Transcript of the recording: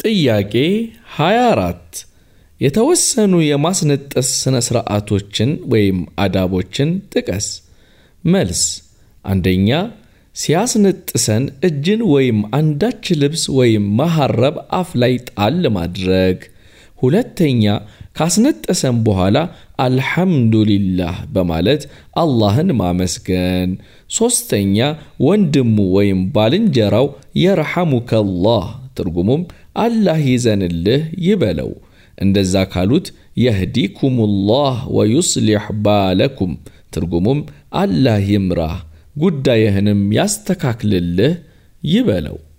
ጥያቄ 24 የተወሰኑ የማስነጠስ ሥነ ሥርዓቶችን ወይም አዳቦችን ጥቀስ። መልስ፣ አንደኛ ሲያስነጥሰን እጅን ወይም አንዳች ልብስ ወይም መሐረብ አፍ ላይ ጣል ማድረግ። ሁለተኛ ካስነጠሰን በኋላ አልሐምዱሊላህ በማለት አላህን ማመስገን። ሦስተኛ ወንድሙ ወይም ባልንጀራው የርሐሙከላህ ترجمهم الله يزن الله يبلو عند الزاكالوت يهديكم الله ويصلح بالكم ترجمهم الله يمرح قد يهنم يستكاك لله يبلو